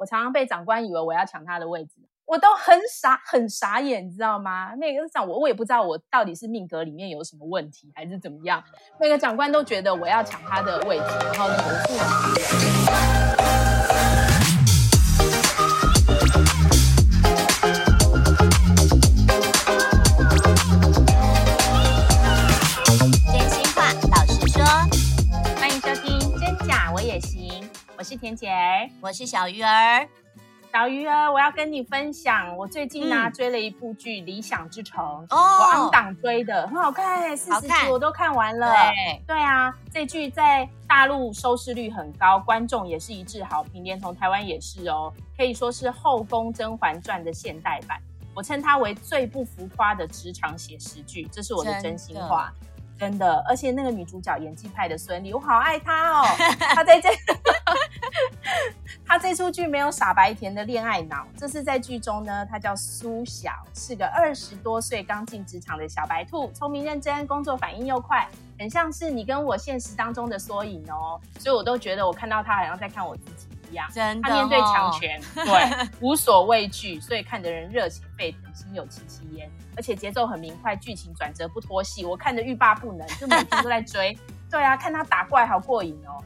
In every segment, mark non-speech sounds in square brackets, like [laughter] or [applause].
我常常被長官以為我要搶他的位置，我都很傻很傻眼，你知道嗎？那個長我我也不知道我到底是命格裡面有什麼問題，還是怎麼樣？每個長官都覺得我要搶他的位置，然後呢，我。恬姐兒，我是小魚兒。小魚兒，我要跟你分享，我最近呢、啊嗯、追了一部劇《理想之城》，我按檔追的，很好看、欸，四十集我都看完了。對，對啊，這劇在大陸收視率很高，觀眾也是一致好評，連同台灣也是哦，可以說是後宮《甄嬛傳》的現代版。我稱它為最不浮誇的職場寫實劇，這是我的真心話。真的，而且那個女主角演技派的孫儷，我好愛她哦。她在這， [laughs] 她這出劇沒有傻白甜的戀愛腦。這是在劇中呢，她叫蘇曉，是個二十多歲剛進職場的小白兔，聰明認真，工作反應又快，很像是你跟我現實當中的縮影哦。所以，我都覺得我看到她，好像在看我自己。真的哦，他面對強權，對無所畏懼，所以看得人熱血沸騰，心有戚戚焉。而且節奏很明快，劇情轉折不拖戲，我看得欲罷不能，就每天都在追。 [laughs] 對啊，看他打怪好過癮哦。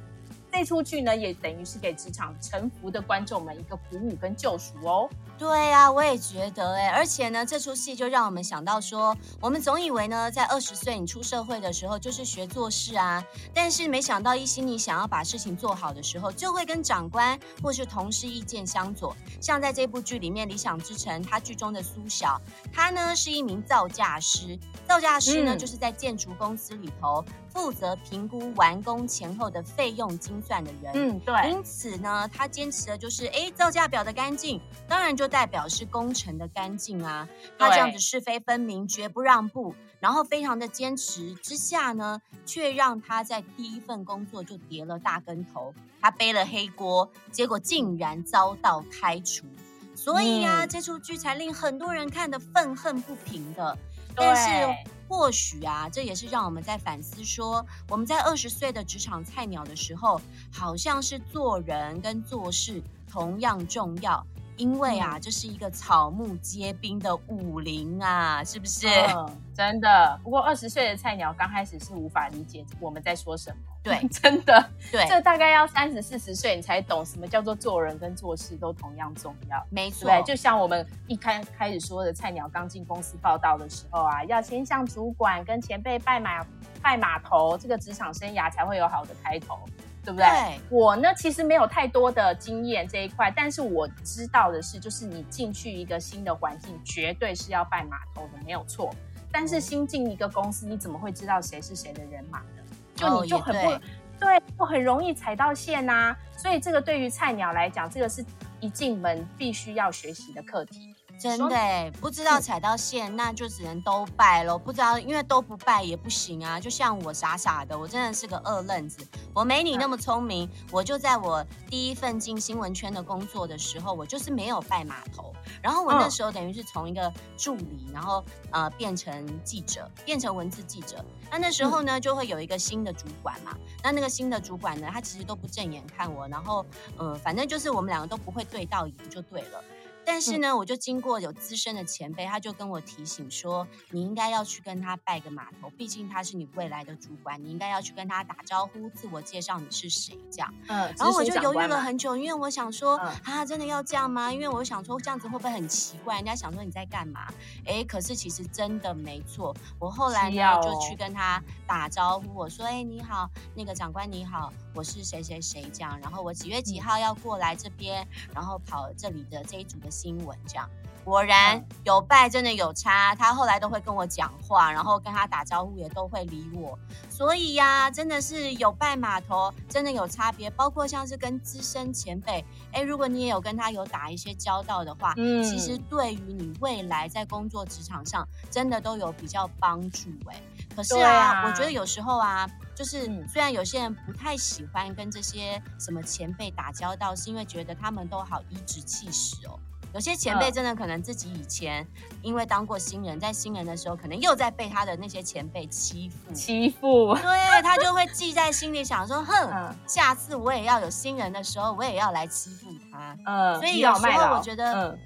這齣劇呢，也等於是給職場沉浮的觀眾們一個鼓舞跟救贖哦。對啊，我也覺得哎，而且呢，這齣戲就讓我們想到說，我們總以為呢，在二十歲你出社會的時候就是學做事啊，但是沒想到一心裡想要把事情做好的時候，就會跟長官或是同事意見相左。像在這部劇裡面，《理想之城》，他劇中的蘇小，他呢是一名造價師，造價師呢、嗯、就是在建築公司裡頭。負責評估完工前後的費用精算的人，嗯，對。因此呢，他堅持的就是，哎，造價表的乾淨，當然就代表是工程的乾淨啊。對。他這樣子是非分明，絕不讓步，然後非常的堅持之下呢，卻讓他在第一份工作就跌了大跟頭，他背了黑鍋，結果竟然遭到開除。所以呀，啊，嗯，這出劇才令很多人看得憤恨不平的。對。但是或許啊，這也是讓我們在反思說，說我們在二十歲的職場菜鳥的時候，好像是做人跟做事同樣重要，因為啊，嗯。這是一個草木皆兵的武林啊，是不是？哦。真的。不過二十歲的菜鳥剛開始是無法理解我們在說什麼。對，真的，對，這大概要三十四十歲，你才懂什麼叫做做人跟做事都同樣重要。沒錯，對，對，就像我們一開開始說的，菜鳥剛進公司報道的時候啊，要先向主管跟前輩拜馬拜碼頭，這個職場生涯才會有好的開頭，對不對？對。我呢，其實沒有太多的經驗這一塊，但是我知道的是，就是你進去一個新的環境，絕對是要拜碼頭的，沒有錯。但是新進一個公司，你怎麼會知道誰是誰的人馬呢？就你就很不，哦、對，就很容易踩到線吶、啊。所以這個對於菜鳥來講，這個是一進門必須要學習的課題。真的，欸，你不知道踩到線，嗯，那就只能都拜嘍。不知道，因為都不拜也不行啊。就像我傻傻的，我真的是個二愣子，我沒你那麼聰明。嗯，我就在我第一份進新聞圈的工作的時候，我就是沒有拜碼頭。然後我那時候等於是從一個助理，然後，哦，呃變成記者，變成文字記者。那那時候呢，嗯，就會有一個新的主管嘛。那那個新的主管呢，他其實都不正眼看我，然後嗯，呃，反正就是我們兩個都不會對到眼就對了。但是呢，嗯、我就經過有資深的前輩，他就跟我提醒說，你應該要去跟他拜個碼頭，畢竟他是你未來的主管，你應該要去跟他打招呼，自我介紹你是誰這樣。嗯。然後我就猶豫了很久，嗯、因為我想說，啊，真的要這樣嗎？因為我想說，這樣子會不會很奇怪？嗯、人家想說你在幹嘛？哎、欸，可是其實真的沒錯。我後來呢，哦、就去跟他打招呼我，我說，哎、欸，你好，那個長官你好，我是誰誰誰這樣。然後我幾月幾號要過來這邊，嗯、然後跑這裡的這一組的。新聞這樣，果然、嗯、有拜真的有差，他後來都會跟我講話，然後跟他打招呼也都會理我。所以呀、啊，真的是有拜碼頭真的有差別。包括像是跟資深前輩，哎、欸，如果你也有跟他有打一些交道的話，嗯、其實對於你未來在工作職場上真的都有比較幫助、欸。哎，可是啊，啊我覺得有時候啊，就是雖然有些人不太喜歡跟這些什麼前輩打交道，是因為覺得他們都好頤指氣使哦。有些前輩真的可能自己以前因為當過新人，在新人的時候可能又在被他的那些前輩欺負欺負負，對他就會記在心裡，想說，哼，嗯，下次我也要有新人的時候，我也要來欺負他。嗯，所以有時候我覺得。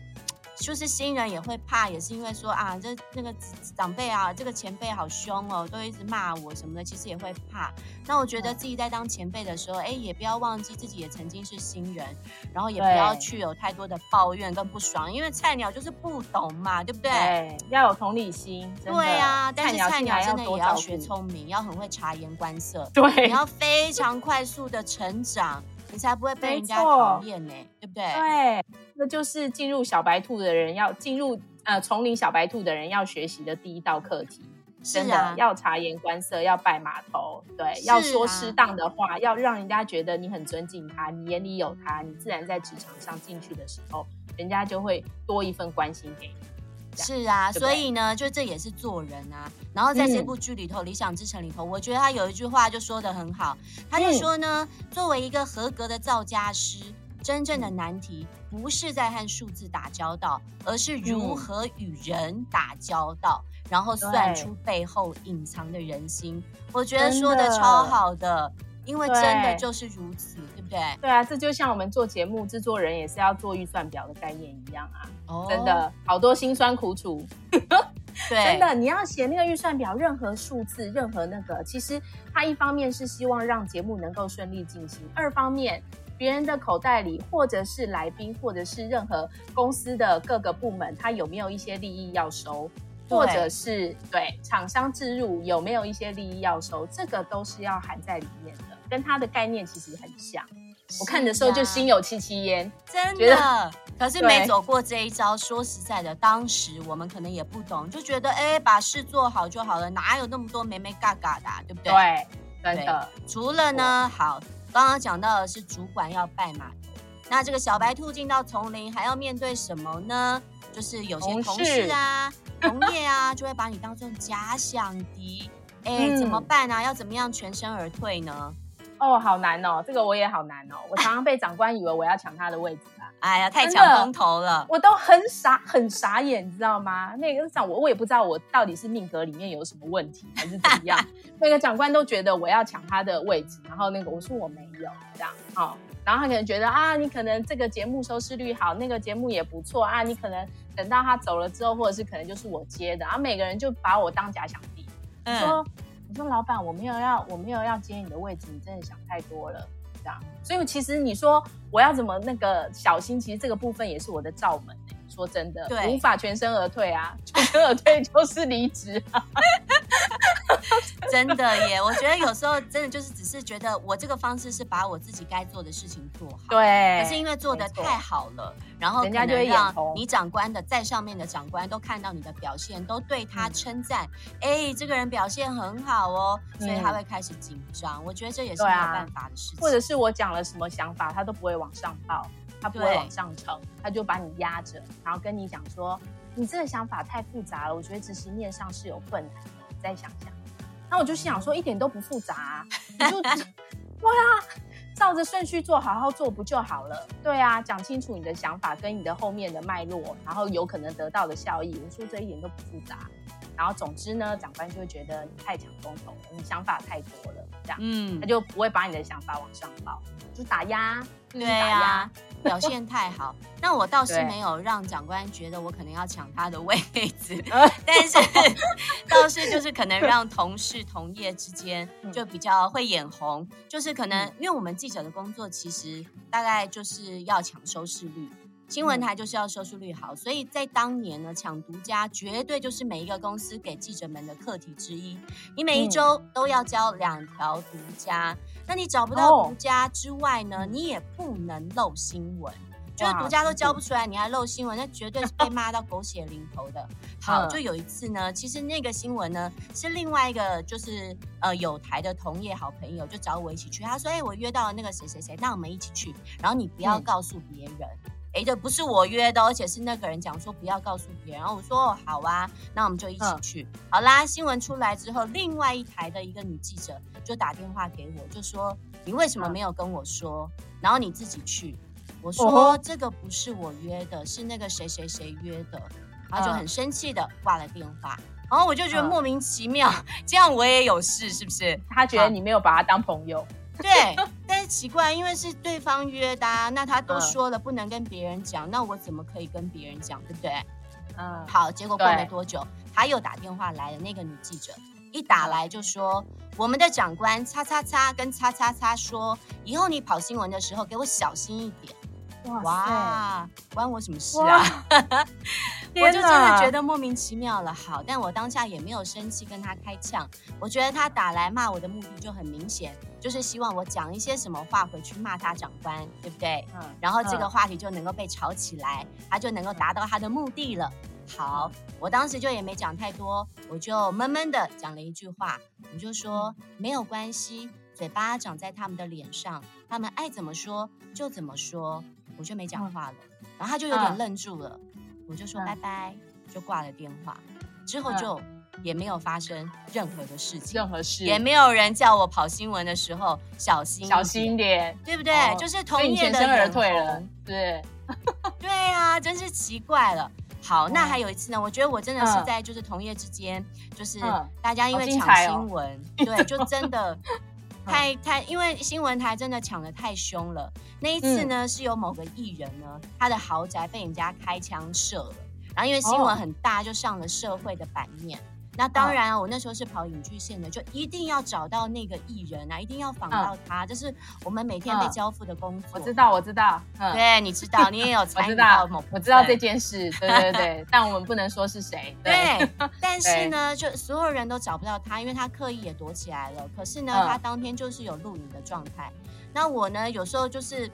就是新人也會怕，也是因為說啊，這那個長輩啊，這個前輩好凶哦，都一直罵我什麼的，其實也會怕。那我覺得自己在當前輩的時候，嗯、哎，也不要忘記自己也曾經是新人，然後也不要去有太多的抱怨跟不爽，對因為菜鳥就是不懂嘛，對不對？哎、要有同理心。對啊，但是菜鳥真的也要學聰明，要很會察言觀色。對，你要非常快速的成長。 [laughs] 你才不會被人家討厭呢，錯對不對？對，那就是進入小白兔的人要進入呃叢林，小白兔的人要學習的第一道課題。是啊、真的要察言觀色，要拜碼頭，對，啊、要說適當的話，要讓人家覺得你很尊敬他，你眼裡有他，你自然在職場上進去的時候，人家就會多一份關心給你。是啊，對對所以呢，就這也是做人啊。然後在這部劇裡頭，嗯《理想之城》裡頭，我覺得他有一句話就說的很好，他就說呢，嗯、作為一個合格的造價師，真正的難題不是在和數字打交道，而是如何與人打交道，嗯、然後算出背後隱藏的人心。對我覺得說的超好的，的因為真的就是如此。對對啊，這就像我們做節目，製作人也是要做預算表的概念一樣啊。Oh. 真的，好多辛酸苦楚。 [laughs] 對，真的，你要寫那個預算表，任何數字，任何那個，其實它一方面是希望讓節目能夠順利進行，二方面別人的口袋裡，或者是來賓，或者是任何公司的各個部門，他有沒有一些利益要收，對或者是對廠商置入有沒有一些利益要收，這個都是要含在裡面的，跟它的概念其實很像。我看的時候就心有戚戚焉，啊，真的。得可是沒走過這一招，對說實在的，當時我們可能也不懂，就覺得哎、欸，把事做好就好了，哪有那麼多眉眉嘎嘎的，啊，對不對？對，真的。除了呢，我好，剛剛講到的是主管要拜嘛，那這個小白兔進到叢林還要面對什麼呢？就是有些同事啊，同、事同業啊， [laughs] 就會把你當做假想敵，哎、欸，嗯、怎麼辦啊？要怎麼樣全身而退呢？哦，好難哦，這個我也好難哦，我常常被長官以為我要搶他的位置吧？哎呀，太搶風頭了，我都很傻，很傻眼，你知道嗎？那個長，我我也不知道我到底是命格裡面有什麼問題，還是怎麼樣。那 [laughs] 個長官都覺得我要搶他的位置，然後那個我說我沒有這樣，好、哦，然後他可能覺得啊，你可能這個節目收視率好，那個節目也不錯啊，你可能等到他走了之後，或者是可能就是我接的，然後每個人就把我當假想敵、嗯、說。你說老闆，我沒有要，我沒有要接你的位置，你真的想太多了，這樣。所以其實你說我要怎麼那個小心，其實這個部分也是我的罩門。說真的，對無法全身而退啊，全身而退就是離職啊。 [laughs] [laughs] 真的耶，我覺得有時候真的就是只是覺得我這個方式是把我自己該做的事情做好，對，可是因為做的太好了，錯然後可能讓你長官的在上面的長官都看到你的表現，都對他稱讚，哎、嗯欸，這個人表現很好哦，所以他會開始緊張。嗯、我覺得這也是沒有辦法的事情，或者是我講了什麼想法，他都不會往上報，他不會往上呈，對他就把你壓着，然後跟你講說，你這個想法太複雜了，我覺得執行面上是有困難，再想想。那我就想說，一點都不複雜，你就對啊，哇照着順序做，好好做不就好了？對啊，講清楚你的想法跟你的後面的脈絡，然後有可能得到的效益，我說這一點都不複雜。然後總之呢，長官就會覺得你太搶風頭了，你想法太多了，這樣，嗯，他就不會把你的想法往上報，就打壓，打壓，對啊，打壓。表現太好，那我倒是沒有讓長官覺得我可能要搶他的位置，對但是倒是就是可能讓同事同業之間就比較會眼紅，嗯、就是可能因為我們記者的工作其實大概就是要搶收視率，新聞台就是要收視率好，嗯、所以在當年呢，搶獨家絕對就是每一個公司給記者們的課題之一，你每一周都要交兩條獨家。那你找不到獨家之外呢，oh. 你也不能漏新聞。Yeah. 就是獨家都交不出來，Yeah. 你還漏新聞，那絕對是被罵到狗血淋頭的。 [laughs] 好，就有一次呢，其實那個新聞呢是另外一個就是呃有台的同業好朋友就找我一起去，他說，哎、欸，我約到了那個誰誰誰，那我們一起去，然後你不要告訴別人。嗯不是我約的，而且是那個人講說不要告訴別人，然後我說、哦、好啊，那我們就一起去。嗯、好啦，新聞出來之後，另外一台的一個女記者就打電話給我，就說你為什麼沒有跟我說？嗯、然後你自己去。我說、哦、吼這個不是我約的，是那個誰誰誰約的。然後就很生氣的掛了電話。然後我就覺得莫名其妙，嗯、這樣我也有事是不是？他覺得你沒有把他當朋友、啊。 [laughs] 對。奇怪，因為是對方約的、啊，那他都說了不能跟別人講，嗯、那我怎麼可以跟別人講，對不對？嗯，好，結果過了多久，對他又打電話來了，那個女記者一打來就說，我們的長官叉叉叉跟叉叉叉說，以後你跑新聞的時候給我小心一點。哇,塞哇，關我什麼事啊？ [laughs] 我就真的覺得莫名其妙了。好，但我當下也沒有生氣跟他開嗆，我覺得他打來罵我的目的就很明顯。就是希望我講一些什麼話回去罵他長官，對不對？嗯。然後這個話題就能夠被吵起來，嗯、他就能夠達到他的目的了。好，嗯、我當時就也沒講太多，我就悶悶的講了一句話，我就說、嗯、沒有關係，嘴巴長在他們的臉上，他們愛怎麼說就怎麼說，我就沒講話了。嗯、然後他就有點愣住了，嗯、我就說拜拜，嗯、就掛了電話，之後就，嗯也沒有發生任何的事情，任何事也沒有人叫我跑新聞的時候小心小心點，對不對？就是同業的人退了，對對啊，真是奇怪了。好，那還有一次呢，我覺得我真的是在就是同業之間，就是大家因為搶新聞，對，就真的太太因為新聞台真的搶得太凶了。那一次呢，是有某個藝人呢，他的豪宅被人家開槍射了，然後因為新聞很大，就上了社會的版面。那當然、啊，嗯、我那時候是跑影劇線的，就一定要找到那個藝人啊，一定要訪到他，就、嗯、是我們每天被交付的工作。嗯、我知道，我知道，嗯、對，你知道， [laughs] 你也有參與到我知道我知道這件事，對對對，對， [laughs] 但我們不能說是誰。對，對，但是呢，對就所有人都找不到他，因為他刻意也躲起來了。可是呢，嗯、他當天就是有錄影的狀態。那我呢，有時候就是。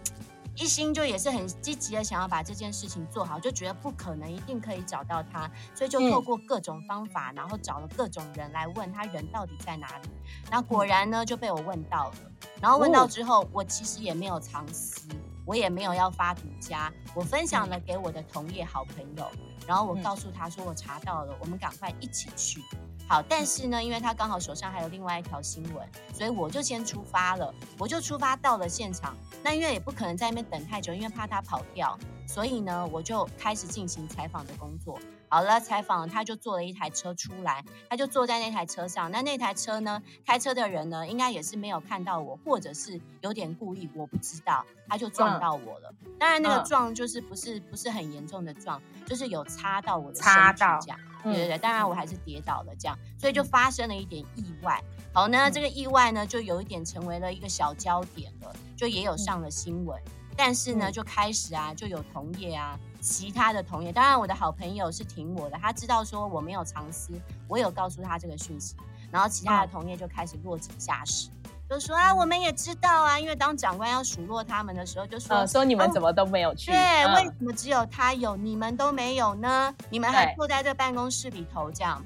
一心就也是很積極的，想要把這件事情做好，就覺得不可能，一定可以找到他，所以就透過各種方法，嗯、然後找了各種人來問他人到底在哪裡。那果然呢、嗯、就被我問到了，然後問到之後，哦、我其實也沒有藏私，我也沒有要發獨家，我分享了給我的同業好朋友，然後我告訴他說我查到了，嗯、我們趕快一起去。好，但是呢，因為他剛好手上還有另外一條新聞，所以我就先出發了。我就出發到了現場，那因為也不可能在那邊等太久，因為怕他跑掉，所以呢，我就開始進行採訪的工作。好了，採訪他就坐了一台車出來，他就坐在那台車上。那那台車呢，開車的人呢，應該也是沒有看到我，或者是有點故意，我不知道，他就撞到我了。當然那個撞就是不是不是很嚴重的撞，就是有擦到我的身體，擦到這樣，到對對對。嗯、當然我還是跌倒了這樣，所以就發生了一點意外。好呢，那、嗯、這個意外呢，就有一點成為了一個小焦點了，就也有上了新聞。嗯、但是呢，就開始啊，就有同業啊。其他的同業，當然我的好朋友是挺我的，他知道說我沒有藏私，我有告訴他這個訊息，然後其他的同業就開始落井下石，嗯、就說啊，我們也知道啊，因為當長官要數落他們的時候，就說、嗯啊、說你們怎麼都沒有去，啊、對，嗯、為什麼只有他有，你們都沒有呢？你們還坐在這辦公室裡頭這樣。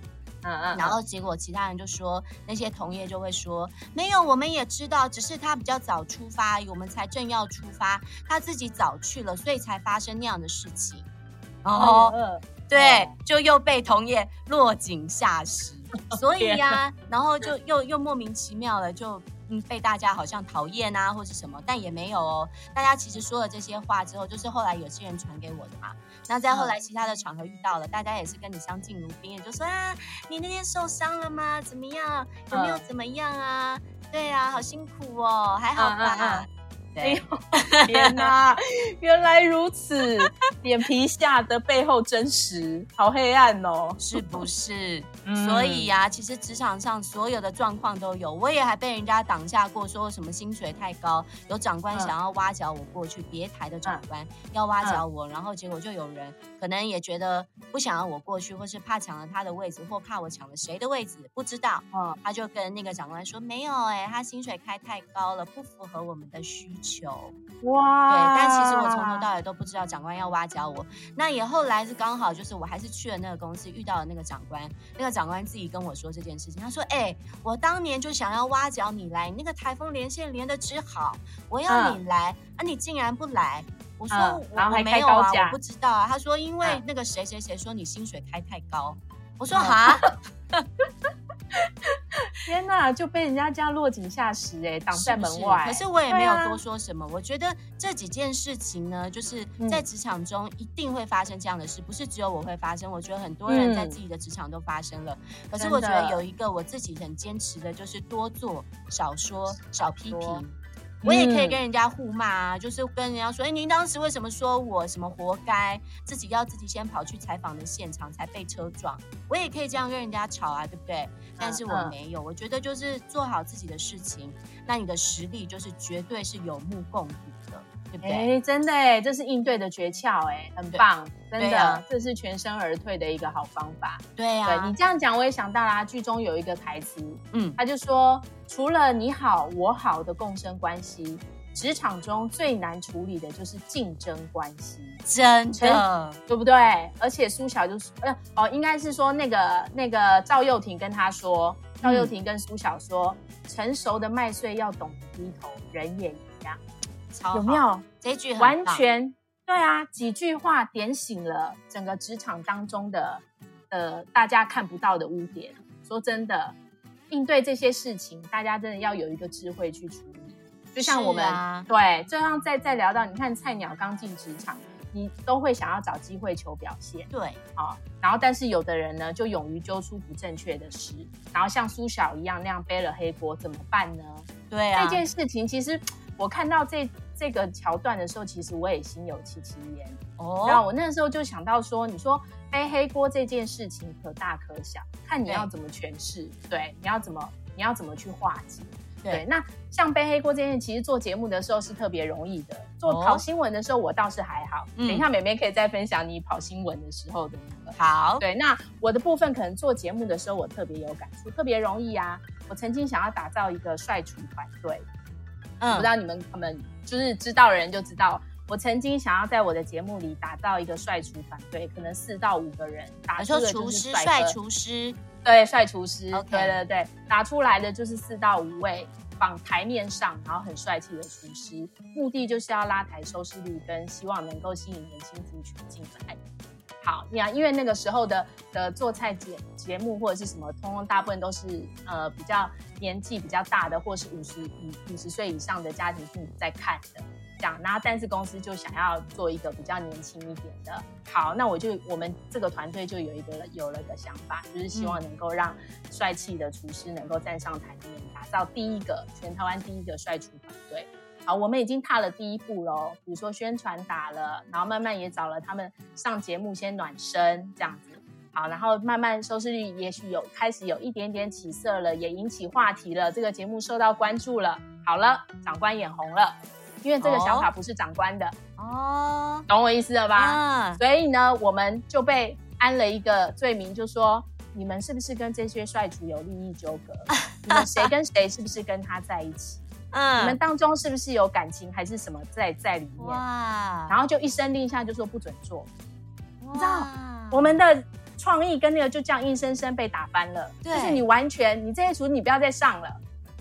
嗯嗯，然後結果其他人就說，那些同業就會說，沒有，我們也知道，只是他比較早出發而已，我們才正要出發，他自己早去了，所以才發生那樣的事情。哦，對，對，就又被同業落井下石，所以呀、啊，天哪，然後就又又莫名其妙的就。嗯，被大家好像討厭啊，或者什麼，但也沒有哦。大家其實說了這些話之後，就是後來是有些人傳給我的嘛。那再後來其他的場合遇到了，大家也是跟你相敬如賓，也就說啊，你那天受傷了嗎？怎麼樣？有沒有怎麼樣啊？嗯、對啊，好辛苦哦，還好吧？嗯嗯嗯對哎呦，天吶， [laughs] 原來如此，臉皮下的背後真實，好黑暗哦，是不是？嗯、所以呀、啊，其實職場上所有的狀況都有，我也還被人家擋下過，說什麼薪水太高，有長官想要挖角我過去，嗯、別台的長官要挖角我，嗯、然後結果就有人可能也覺得不想讓我過去，或是怕搶了他的位置，或怕我搶了誰的位置，不知道，嗯，他就跟那個長官說、嗯、沒有、欸，哎，他薪水開太高了，不符合我們的需求。求哇！對，但其實我從頭到尾都不知道長官要挖角我。那也後來是剛好，就是我還是去了那個公司，遇到了那個長官。那個長官自己跟我說這件事情，他說：“哎、欸，我當年就想要挖角你來，那個颱風連線連得只好，我要你來、嗯、啊，你竟然不來。”我說：“嗯、開高我沒有啊，我不知道啊。”他說：“因為那個誰誰誰說你薪水開太高。”我說：“好、嗯哈 [laughs] 天吶，就被人家這樣落井下石欸，擋在門外是是。可是我也沒有多說什麼。啊、我覺得這幾件事情呢，就是在職場中一定會發生這樣的事，嗯、不是只有我會發生。我覺得很多人在自己的職場都發生了。嗯、可是我覺得有一個我自己很堅持的，就是多做少說是少說少批評。我也可以跟人家互罵啊，嗯、就是跟人家說：“哎、欸，您當時為什麼說我什麼活該？自己要自己先跑去採訪的現場才被車撞。”我也可以這樣跟人家吵啊，對不對？但是我沒有，嗯、我覺得就是做好自己的事情，嗯、那你的實力就是絕對是有目共睹。哎，真的哎，這是應對的訣竅哎，很棒，對真的，啊、這是全身而退的一個好方法。對呀、啊，你這樣講我也想到啦，劇中有一個台詞，嗯，他就說，除了你好我好的共生關係，職場中最難處理的就是競爭關係。真的對，對不對？而且蘇小就是，呃哦，應該是說那個那個趙又廷跟他說，嗯、趙又廷跟蘇小說，成熟的麥穗要懂得低頭，人也一樣。有沒有這一句完全對啊？幾句話點醒了整個職場當中的呃大家看不到的污點，說真的，應對這些事情，大家真的要有一個智慧去處理。就像我們、啊、對，就像再再聊到，你看菜鳥剛進職場，你都會想要找機會求表現。對，啊、哦。然後但是有的人呢，就勇於揪出不正確的事，然後像蘇小一樣那樣背了黑鍋，怎麼辦呢？對啊，這件事情其實。我看到這這個橋段的時候，其實我也心有戚戚焉。哦，然後我那時候就想到說，你說背黑鍋這件事情可大可小，看你要怎麼詮釋，對，對，你要怎麼你要怎麼去化解。對，對，那像背黑鍋這件，其實做節目的時候是特別容易的，哦、做跑新聞的時候我倒是還好。嗯、等一下妹妹可以再分享你跑新聞的時候的那個。好，對，那我的部分可能做節目的時候我特別有感觸，特別容易啊。我曾經想要打造一個帥廚團隊。對我、嗯、不知道你們他們就是知道的人就知道，我曾經想要在我的節目裡打造一個帥廚房，對，可能四到五個人打出了廚師帥廚師，師對，帥廚師，Okay，對對對，打出來的就是四到五位放台面上，然後很帥氣的廚師，目的就是要拉抬收視率，跟希望能夠吸引年輕族群進來。好，呀，因為那個時候的的做菜節節目或者是什麼，通通大部分都是呃比較年紀比較大的，或是五十以五十歲以上的家庭父母在看的這樣。那但是公司就想要做一個比較年輕一點的。好，那我就我們這個團隊就有一個有了個想法，就是希望能夠讓帥氣的廚師能夠站上台面，打造第一個全台灣第一個帥廚團隊。好，我們已經踏了第一步嘍、哦。比如說宣傳打了，然後慢慢也找了他們上節目，先暖身這樣子。好，然後慢慢收視率也許有開始有一點點起色了，也引起話題了，這個節目受到關注了。好了，長官眼紅了，因為這個想法不是長官的哦，懂我意思了吧？嗯、所以呢，我們就被安了一個罪名，就說你們是不是跟這些帥廚有利益糾葛？ [laughs] 你們誰跟誰是不是跟他在一起？嗯、你們當中是不是有感情，還是什麼在在裡面？哇然後就一聲令下，就說不准做，哇你知道我們的創意跟那個就這樣硬生生被打翻了。對就是你完全你這些組你不要再上了，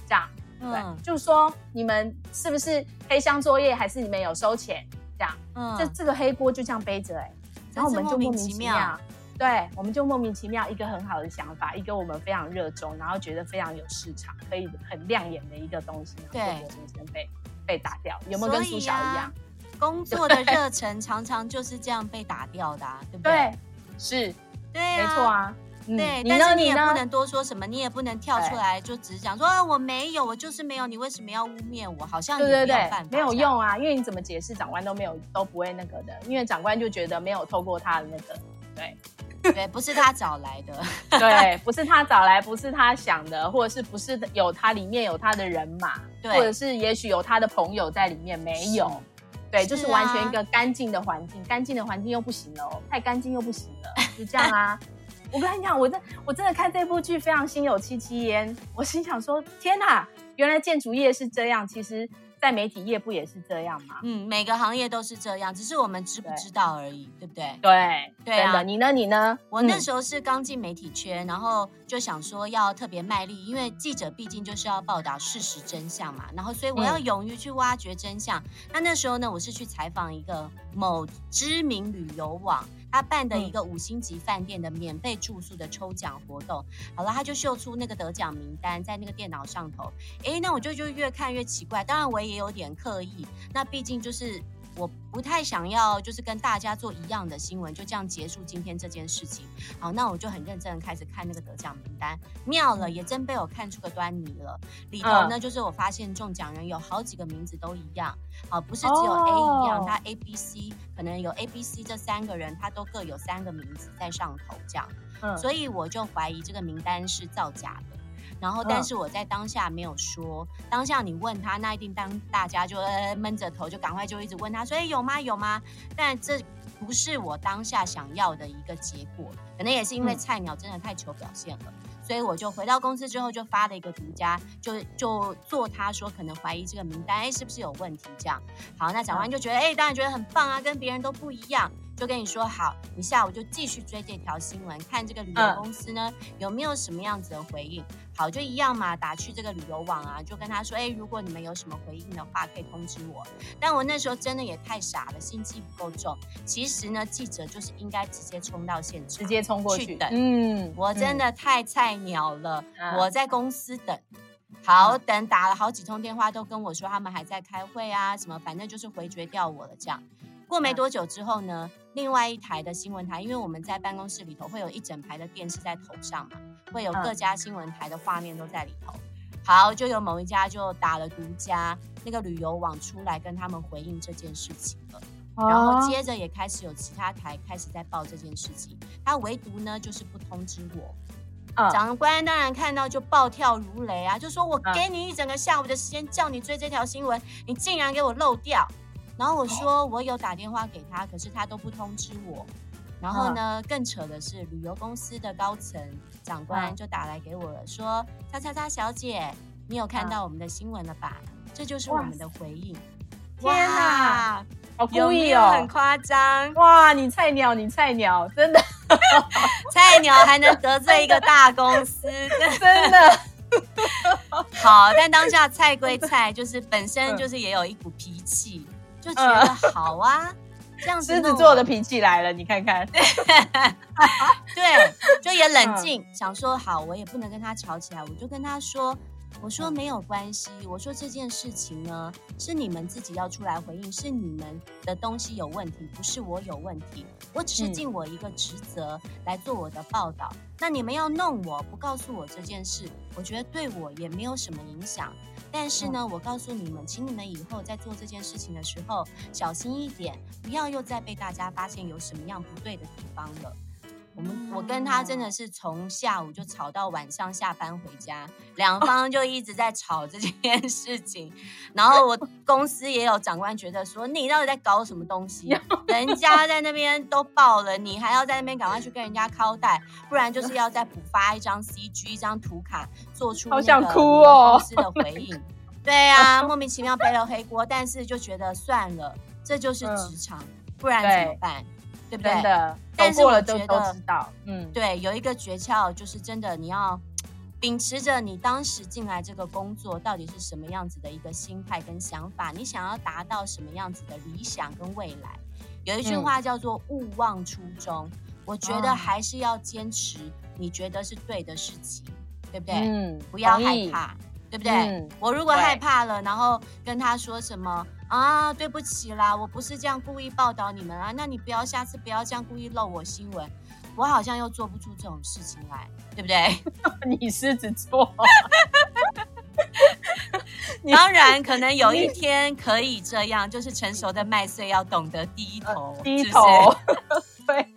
這樣。嗯，對，就是說你們是不是黑箱作業，還是你們有收錢？這樣，嗯、這這個黑鍋就這樣背着哎、欸，然後我們就莫名其妙。對，我們就莫名其妙一個很好的想法，一個我們非常熱衷，然後覺得非常有市場，可以很亮眼的一個東西，對然後莫名其妙被被打掉，有沒有跟蘇小一樣、啊？工作的熱忱常常就是這樣被打掉的啊，對不對？對是，對啊、沒錯啊，嗯、對。你呢但是你也不能多說什麼，你也不能跳出來就只是講說對、哦、我沒有，我就是沒有，你為什麼要污蔑我？好像你沒有辦法對對對，沒有用啊，因為你怎麼解釋，長官都沒有都不會那個的，因為長官就覺得沒有透過他的那個，對。對，不是他找來的， [laughs] 對，不是他找來，不是他想的，或者是不是有他裡面有他的人馬，對，或者是也許有他的朋友在裡面，沒有，是對，是啊、就是完全一個乾淨的環境，乾淨的環境又不行了，哦，太乾淨又不行了，就這樣啊。 [laughs] 我跟你講，我這我真的看這部劇非常心有戚戚焉，我心想說，天哪，原來建築業是這樣，其實。在媒體業不也是這樣嗎？嗯，每個行業都是這樣，只是我們知不知道而已，對，對不對？對，對啊。你呢？你呢？我那時候是剛進媒體圈，嗯、然後就想說要特別賣力，因為記者畢竟就是要報道事實真相嘛，然後所以我要勇於去挖掘真相。嗯、那那時候呢，我是去採訪一個某知名旅遊網。他辦的一個五星級飯店的免費住宿的抽獎活動，好了，他就秀出那個得獎名單在那個電腦上頭，哎，那我就就越看越奇怪，當然我也有點刻意，那畢竟就是。我不太想要，就是跟大家做一樣的新聞，就這樣結束今天這件事情。好，那我就很認真地開始看那個得獎名單，妙了，也真被我看出個端倪了。裡頭呢，嗯、就是我發現中獎人有好幾個名字都一樣，好，不是只有 A 一樣，他、哦、A B C 可能有 A B C 這三個人，他都各有三個名字在上頭，這樣，嗯、所以我就懷疑這個名單是造假的。然後，但是我在當下沒有說。嗯、當下你問他，那一定當大家就呃，呃，呃悶着頭就趕快就一直問他說，說、哎、有嗎有嗎？但這不是我當下想要的一個結果。可能也是因為菜鳥真的太求表現了，嗯、所以我就回到公司之後就發了一個獨家，就就做他說可能懷疑這個名單、哎、是不是有問題這樣。好，那長官就覺得誒、嗯哎、當然覺得很棒啊，跟別人都不一樣。就跟你說好，你下午就繼續追這條新聞，看這個旅遊公司呢、嗯、有沒有什麼樣子的回應。好，就一樣嘛，打去這個旅遊網啊，就跟他說，哎，如果你們有什麼回應的話，可以通知我。但我那時候真的也太傻了，心機不夠重。其實呢，記者就是應該直接衝到現場，直接衝過去等。嗯，我真的太菜鳥了，嗯、我在公司等，好，等打了好幾通電話，都跟我說他們還在開會啊，什麼反正就是回絕掉我了這樣。過沒多久之後呢，啊、另外一台的新聞台，因為我們在辦公室裡頭會有一整排的電視在頭上嘛，會有各家新聞台的畫面都在裡頭。好，就有某一家就打了獨家那個旅遊網出來跟他們回應這件事情了，啊、然後接着也開始有其他台開始在報這件事情。他唯獨呢就是不通知我，啊、長官當然看到就暴跳如雷啊，就說：“我給你一整個下午的時間叫你追這條新聞，你竟然給我漏掉。”然後我說我有打電話給他，哦、可是他都不通知我。然後呢，啊、更扯的是，旅遊公司的高層長官就打來給我了，哇說：“叉叉叉，小姐，你有看到我們的新聞了吧？啊、這就是我們的回應。塞”天哪，哇好敷衍哦，有沒有很誇張。哇，你菜鳥，你菜鳥，真的， [laughs] 菜鳥還能得罪一個大公司，真的。真的 [laughs] 好，但當下菜歸菜，就是本身就是也有一股脾氣。就覺得好啊，嗯、這樣子獅子座的脾氣來了，你看看， [laughs] 啊、對，就也冷靜，嗯、想說好，我也不能跟他吵起來，我就跟他說，我說沒有關係，我說這件事情呢是你們自己要出來回應，是你們的東西有問題，不是我有問題，我只是盡我一個職責來做我的報道，嗯、那你們要弄我不告訴我這件事，我覺得對我也沒有什麼影響。但是呢，我告訴你們，請你們以後在做這件事情的時候，小心一點，不要又再被大家發現有什麼樣不對的地方了。我們我跟他真的是從下午就吵到晚上，下班回家，兩方就一直在吵這件事情。然後我公司也有長官覺得說，你到底在搞什麼東西？人家在那邊都爆了，你還要在那邊趕快去跟人家交代，不然就是要再補發一張 CG 一張圖卡，做出。好想哭哦。公司的回應，哦、對啊，莫名其妙背了黑鍋，但是就覺得算了，這就是職場，不然怎麼辦？對不對？過了都，但是我覺得，嗯，對，有一個訣竅就是，真的，你要秉持着你當時進來這個工作到底是什麼樣子的一個心態跟想法，你想要達到什麼樣子的理想跟未來。有一句話叫做“嗯、勿忘初衷”，我覺得還是要堅持你覺得是對的事情，對不對？嗯，不要害怕，同意對不對？嗯、我如果害怕了，對然後跟他說什麼？啊，對不起啦，我不是這樣故意報道你們啊。那你不要下次不要這樣故意漏我新聞，我好像又做不出這種事情來，對不對？你獅子座， [laughs] 當然你可能有一天可以這樣，你就是成熟的麥穗要懂得低頭、呃，低頭，就是 [laughs]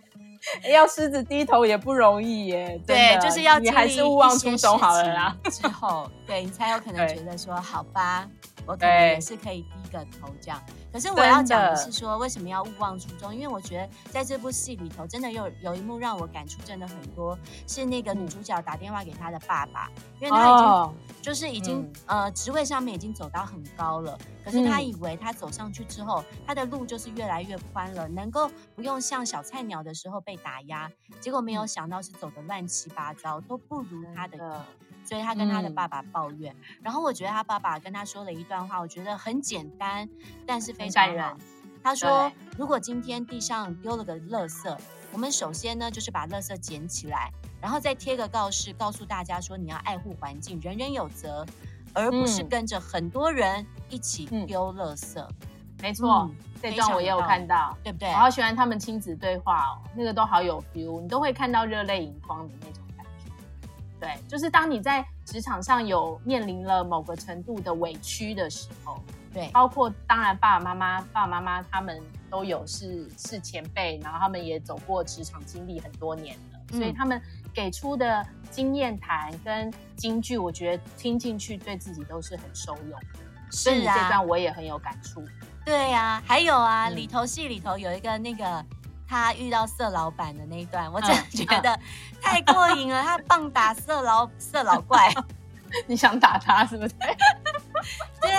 [laughs] 要獅子低頭也不容易耶，對，就是要你還是勿忘初衷好了之後， [laughs] 對你才有可能覺得說，對好吧，我可能也是可以低個頭這樣。可是我要講的是說，的為什麼要勿忘初衷？因為我覺得在這部戲裡頭，真的有有一幕讓我感觸真的很多，是那個女主角打電話給她的爸爸，嗯、因為她已經、哦、就是已經、嗯、呃職位上面已經走到很高了，可是她以為她走上去之後，她、嗯、的路就是越來越寬了，能夠不用像小菜鳥的時候被打壓，嗯、結果沒有想到是走的亂七八糟，都不如她的意，嗯、所以她跟她的爸爸抱怨。嗯、然後我覺得她爸爸跟她說了一段話，我覺得很簡單，但是。非善人，他說：“如果今天地上丟了個垃圾，我們首先呢就是把垃圾撿起來，然後再貼個告示，告訴大家說你要愛護環境，人人有責，而不是跟着很多人一起丟垃圾。嗯嗯”沒錯，嗯、非常這段我也有看到，對不對？我好喜歡他們親子對話哦，那個都好有 feel，你都會看到熱淚盈眶的那種感覺。對，就是當你在職場上有面臨了某個程度的委屈的時候。對，包括當然爸爸媽媽、爸爸媽媽他們都有是是前輩，然後他們也走過職場經歷很多年，嗯、所以他們給出的經驗談跟金句，我覺得聽進去對自己都是很受用。是啊，這段我也很有感觸。對啊，還有啊，嗯、裡頭戲裡頭有一個那個他遇到色老板的那一段，我真的覺得太過癮了，他棒打色老色老怪， [laughs] 你想打他是不是？ [laughs] 對，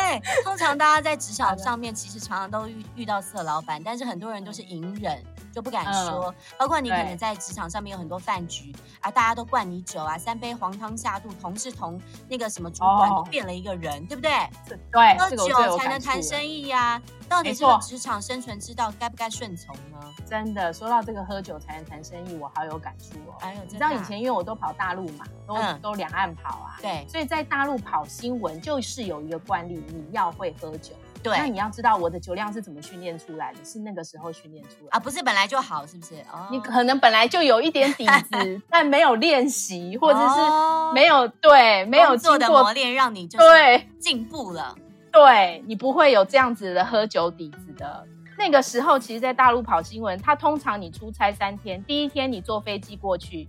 通常大家在職場上面，其實常常都遇遇到色老板，但是很多人都是隱忍。就不敢說，包括你可能在職場上面有很多飯局啊，大家都灌你酒啊，三杯黃湯下肚，同事同那個什麼主管都變了一個人，對不對？對，喝酒才能談生意呀。到底這個職場生存之道該不該順從呢？真的說到這個喝酒才能談生意，我好有感觸哦。哎呦，你知道以前因為我都跑大陸嘛，都都兩岸跑啊，對，所以在大陸跑新聞就是有一個慣例，你要會喝酒。對那你要知道我的酒量是怎麼訓練出來的，是那個時候訓練出來的啊，不是本來就好，是不是？啊、oh.，你可能本來就有一點底子， [laughs] 但沒有練習，或者是沒有對、oh. 沒有做的磨練，讓你就對進步了。對，對你不會有這樣子的喝酒底子的。那個時候，其實，在大陸跑新聞，他通常你出差三天，第一天你坐飛機過去，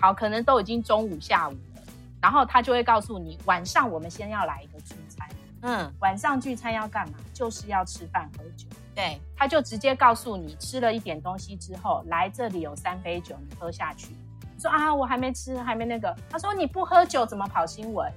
好，可能都已經中午下午了，然後他就會告訴你，晚上我們先要來一個。嗯、晚上聚餐，要幹嘛？就是要吃飯喝酒。對，他就直接告訴你，吃了一點東西之後，來這裡有三杯酒，你喝下去。說啊，我還沒吃，還沒那個。他說你不喝酒怎麼跑新聞？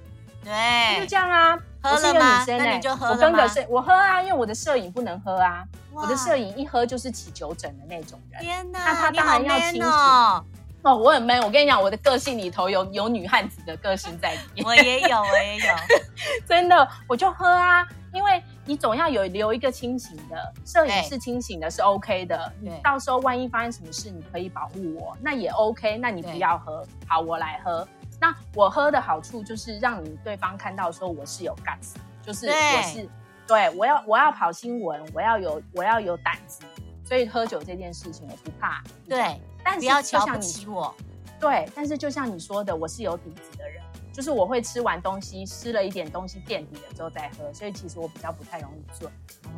對，就這樣啊。喝了嗎？我是一個女生欸、那你就喝了。我跟的是我喝啊，因為我的攝影不能喝啊，哇我的攝影一喝就是起酒疹的那種人。天哪！那他當然要清楚。哦，我很 man。我跟你講，我的個性裡頭有有女漢子的個性在裡面。 [laughs] 我也有，我也有， [laughs] 真的，我就喝啊。因為你總要有留一個清醒的，攝影師清醒的是 OK 的。欸、你到時候萬一發生什麼事，你可以保護我，對那也 OK。那你不要喝，對好，我來喝。那我喝的好處就是讓你對方看到說我是有 guts，就是我是對，對，我要我要跑新聞，我要有我要有膽子，所以喝酒這件事情我不怕。不怕對。但是就像你說的，對。但是就像你說的，我是有底子的人，就是我會吃完東西，吃了一點東西墊底了之後再喝，所以其實我比較不太容易醉。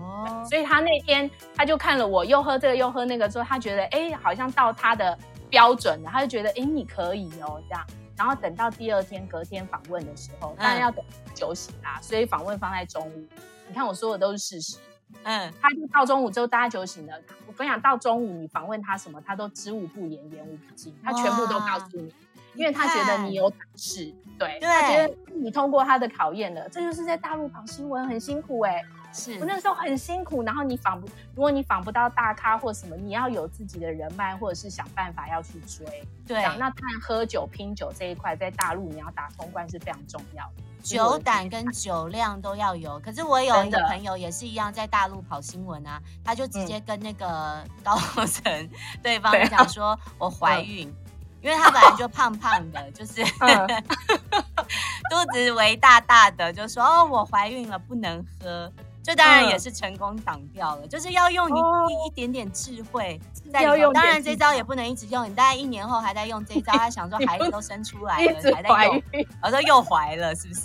哦，所以他那天他就看了我又喝這個又喝那個，之後他覺得哎，好像到他的標準了，他就覺得哎，你可以哦這樣。然後等到第二天隔天訪問的時候，當然要等酒醒啦，所以訪問放在中午。你看我說的都是事實。嗯，他就到中午之後大家酒醒了。我分享到中午，你訪問他什麼，他都知無不言，言無不盡，他全部都告訴你，哇因為他覺得你有膽識，看對，對他覺得你通過他的考驗了。這就是在大陸跑新聞很辛苦，哎、欸，是我那時候很辛苦。然後你訪不，如果你訪不到大咖或什麼，你要有自己的人脈，或者是想辦法要去追。對，那當然喝酒拼酒這一塊在大陸你要打通關是非常重要的。酒膽跟酒量都要有，可是我有一個朋友也是一樣，在大陸跑新聞啊，的他就直接跟那個高層對方講要說：“我懷孕，嗯、因為他本來就胖胖的， [laughs] 就是、嗯、 [laughs] 肚子圍大大的，就說 [laughs] 哦，我懷孕了，不能喝。”這當然也是成功擋掉了，嗯、就是要用你一、哦、一點點智慧在用。當然這招也不能一直用，你大概一年後還在用這一招，你他想說孩子都生出來了，你不你還在用，我說又懷了，是不是？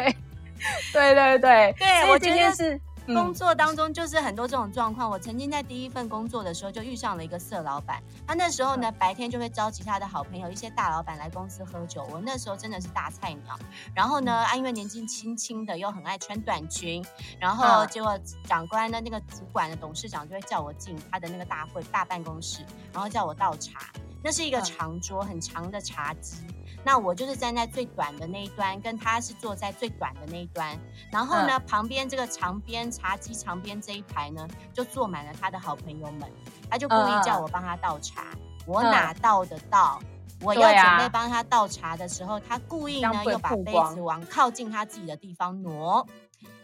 [laughs] 對，對對對對，所以我今天是。嗯、工作當中就是很多這種狀況。我曾經在第一份工作的時候就遇上了一個色老闆，他那時候呢、嗯、白天就會召集他的好朋友一些大老闆來公司喝酒。我那時候真的是大菜鳥，然後呢，嗯啊、因為年紀輕輕的又很愛穿短裙，然後結果長官的那個主管的董事長就會叫我進他的那個大會大辦公室，然後叫我倒茶。那是一個長桌，嗯、很長的茶几。那我就是站在最短的那一端，跟他是坐在最短的那一端。然後呢，嗯、旁邊這個長邊茶几長邊這一排呢，就坐滿了他的好朋友們。他就故意叫我幫他倒茶，嗯、我哪倒得到？嗯、我要準備幫他倒茶的時候，嗯、他故意呢又把杯子往靠近他自己的地方挪，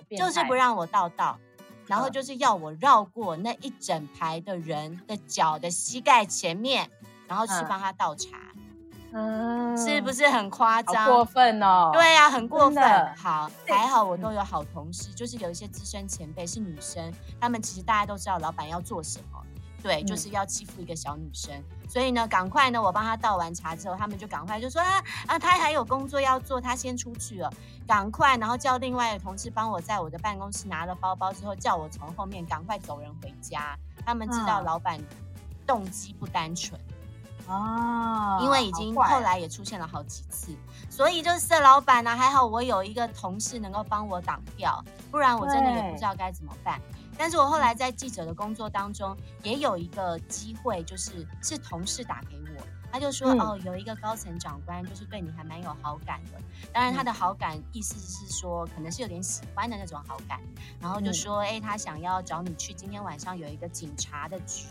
變態、就是不讓我倒倒。然後就是要我繞過那一整排的人的腳的膝蓋前面。然後去幫他倒茶，嗯，是不是很誇張？過分哦，對啊，很過分。好，還好我都有好同事，就是有一些資深前輩是女生，他們其實大家都知道老闆要做什麼，對，就是要欺負一個小女生。嗯、所以呢，趕快呢，我幫他倒完茶之後，他們就趕快就說啊啊，他還有工作要做，他先出去了，趕快，然後叫另外的同事幫我在我的辦公室拿了包包之後，叫我從後面趕快走人回家。嗯、他們知道老闆動機不單純。哦，啊、因為已經後來也出現了好幾次，啊、所以就是色老闆呢、啊，還好我有一個同事能夠幫我擋掉，不然我真的也不知道該怎麼辦。對但是我後來在記者的工作當中，嗯、也有一個機會，就是是同事打給我，他就說、嗯、哦，有一個高層長官就是對你還蠻有好感的，當然他的好感意思是說、嗯、可能是有點喜歡的那種好感，然後就說哎、嗯欸，他想要找你去今天晚上有一個警察的局，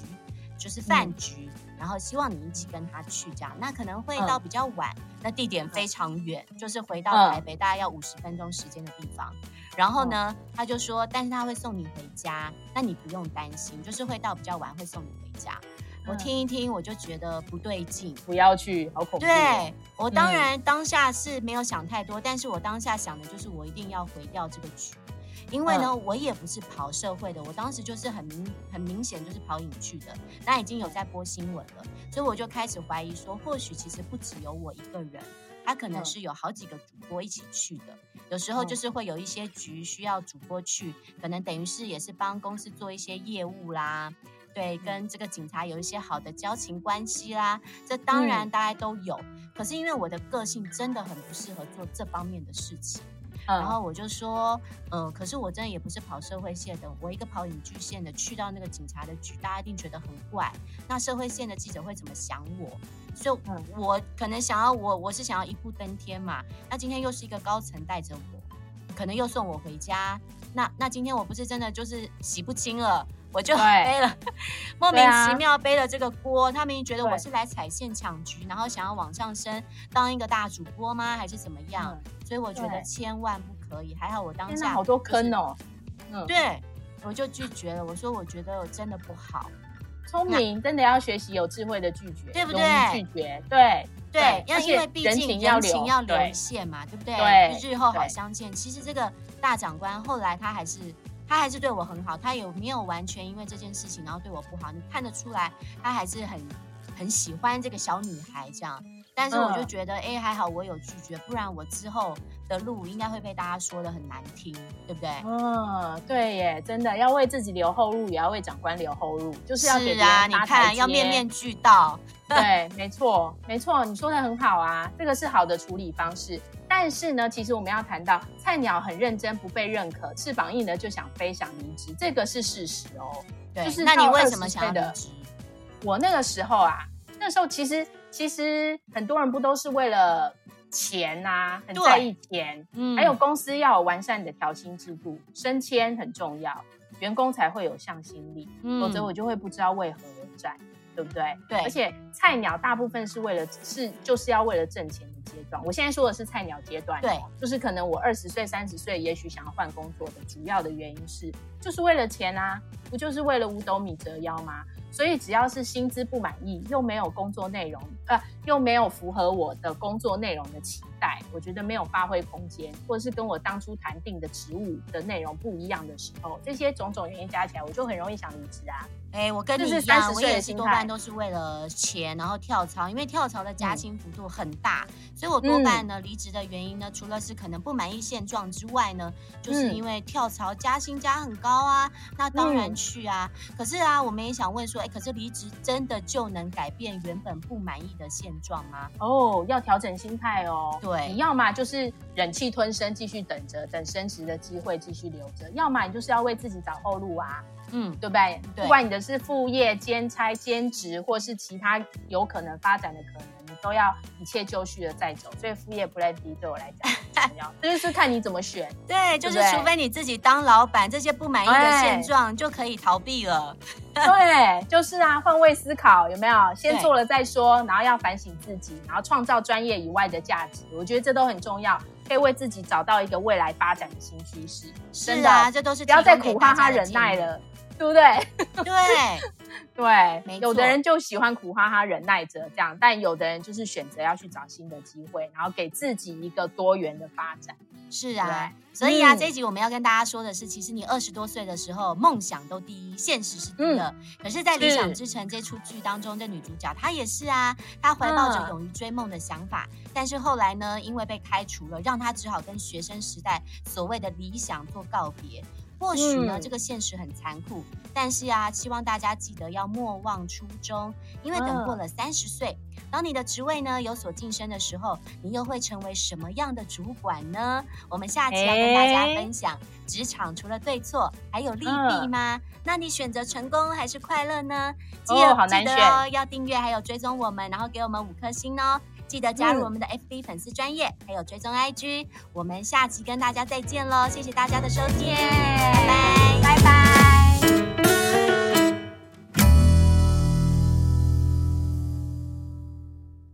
就是飯局。嗯嗯然後希望你一起跟他去這樣，那可能會到比較晚，嗯、那地點非常遠，嗯、就是回到台北大概要五十分鐘時間的地方。嗯、然後呢，嗯、他就說，但是他會送你回家，那你不用擔心，就是會到比較晚，會送你回家。嗯、我聽一聽，我就覺得不對勁，不要去，好恐怖。對，我當然當下是沒有想太多，嗯、但是我當下想的就是我一定要回掉這個局。因為呢，嗯、我也不是跑社會的，我當時就是很明很明顯就是跑影去的，那已經有在播新聞了，所以我就開始懷疑說，或許其實不只有我一個人，他可能是有好幾個主播一起去的，嗯、有時候就是會有一些局需要主播去，嗯、可能等於是也是幫公司做一些業務啦，對，嗯、跟這個警察有一些好的交情關係啦，這當然大家都有，嗯、可是因為我的個性真的很不適合做這方面的事情。嗯、然後我就說，嗯、呃，可是我真的也不是跑社會線的，我一個跑影劇線的去到那個警察的局，大家一定覺得很怪。那社會線的記者會怎麼想我？所以，我我可能想要我我是想要一步登天嘛。那今天又是一個高層帶着我，可能又送我回家。那那今天我不是真的就是洗不清了，我就很背了對 [laughs] 莫名其妙背了這個鍋。啊、他們覺得我是來踩線搶局，對然後想要往上升，當一個大主播嗎？還是怎麼樣？嗯所以我覺得千萬不可以，還好我當下好多坑哦，嗯，對，我就拒絕了，我說我覺得真的不好，聰明真的要學習有智慧的拒絕，對不對？拒絕，對對，要因為畢竟人情要留線嘛，對不對？對，日後好相見。其實這個大長官後來他還是他還是對我很好，他有沒有完全因為這件事情然後對我不好，你看得出來他還是很很喜歡這個小女孩這樣。但是我就覺得，哎、嗯，還好我有拒絕，不然我之後的路應該會被大家說的很難聽，對不對？嗯，對耶，真的要為自己留後路，也要為長官留後路，是啊，就是要給。大家你看，要面面俱到。嗯，對，沒錯，沒錯，你說的很好啊，這個是好的處理方式。但是呢，其實我們要談到菜鳥很認真，不被認可，翅膀硬了就想飛，想離職，這個是事實哦。對，就是那你為什麼想離職？我那個時候啊，那時候其實。其實很多人不都是為了錢吶、啊，很在意錢。嗯、還有公司要完善你的調薪制度，升遷很重要，員工才會有向心力。嗯、否則我就會不知道為何而戰，對不對？對。而且菜鳥大部分是為了，是就是要為了掙錢的階段。我現在說的是菜鳥階段、哦，對，就是可能我二十歲、三十歲，也許想要換工作的主要的原因是，就是為了錢啊，不就是為了五斗米折腰嗎？所以，只要是薪資不滿意，又沒有工作內容，呃，又沒有符合我的工作內容的期待，我覺得沒有發揮空間，或者是跟我當初談定的職務的內容不一樣的時候，這些種種原因加起來，我就很容易想離職啊。哎，我跟你一樣，我也是多半都是為了錢，然後跳槽，因為跳槽的加薪幅度很大，嗯、所以我多半呢，嗯、離職的原因呢，除了是可能不滿意現狀之外呢，就是因為跳槽加薪加很高啊，那當然去啊。嗯、可是啊，我們也想問說，哎，可是離職真的就能改變原本不滿意的現狀嗎？哦，要調整心態哦。對，你要嘛就是忍氣吞聲，繼續等着，等升職的機會繼續留着，要麼你就是要為自己找後路啊。嗯，對不對？對，不管你的是副業、兼差、兼職，或是其他有可能發展的可能，你都要一切就緒了再走。所以副業不累低對我來講很重要，沒有，就是看你怎麼選。對，對對就是除非你自己當老闆，這些不滿意的現狀就可以逃避了。對， [laughs] 就是啊，換位思考有沒有？先做了再說，對然後要反省自己，然後創造專業以外的價值。我覺得這都很重要，可以為自己找到一個未來發展的新趨勢。是啊，的這都是不要再苦哈哈忍耐了。對不對？對對，沒錯，有的人就喜歡苦哈哈忍耐着這樣，但有的人就是選擇要去找新的機會，然後給自己一個多元的發展。是啊，對所以啊，嗯、這一集我們要跟大家說的是，其實你二十多歲的時候，夢想都第一，現實是第二。嗯、可是，在《理想之城》是這出劇當中的女主角，她也是啊，她懷抱着勇於追夢的想法，嗯、但是後來呢，因為被開除了，讓她只好跟學生時代所謂的理想做告別。或許呢，嗯、這個現實很殘酷，但是啊，希望大家記得要莫忘初衷，因為等過了三十歲，嗯、當你的職位呢有所晉升的時候，你又會成為什麼樣的主管呢？我們下期要、欸、跟大家分享，職場除了對錯，還有利弊嗎？嗯、那你選擇成功還是快樂呢？記得、哦、好難選。記得哦，要訂閱還有追蹤我們，然後給我們五顆星哦。記得加入我們的 FB 粉絲專業，嗯、還有追蹤 IG，我們下期跟大家再見嘍！謝謝大家的收聽，拜拜耶拜拜。拜拜拜拜。